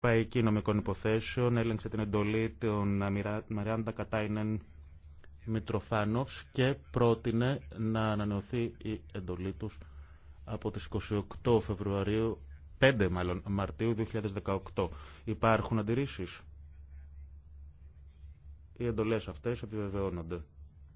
Ευρωπαϊκή Νομικών Υποθέσεων έλεγξε την εντολή των Μαριάντα Κατάινεν Μητροφάνοφ και πρότεινε να ανανεωθεί η εντολή τους από τις 28 Φεβρουαρίου, 5 μάλλον, Μαρτίου 2018. Υπάρχουν αντιρρήσεις. Οι εντολές αυτές επιβεβαιώνονται.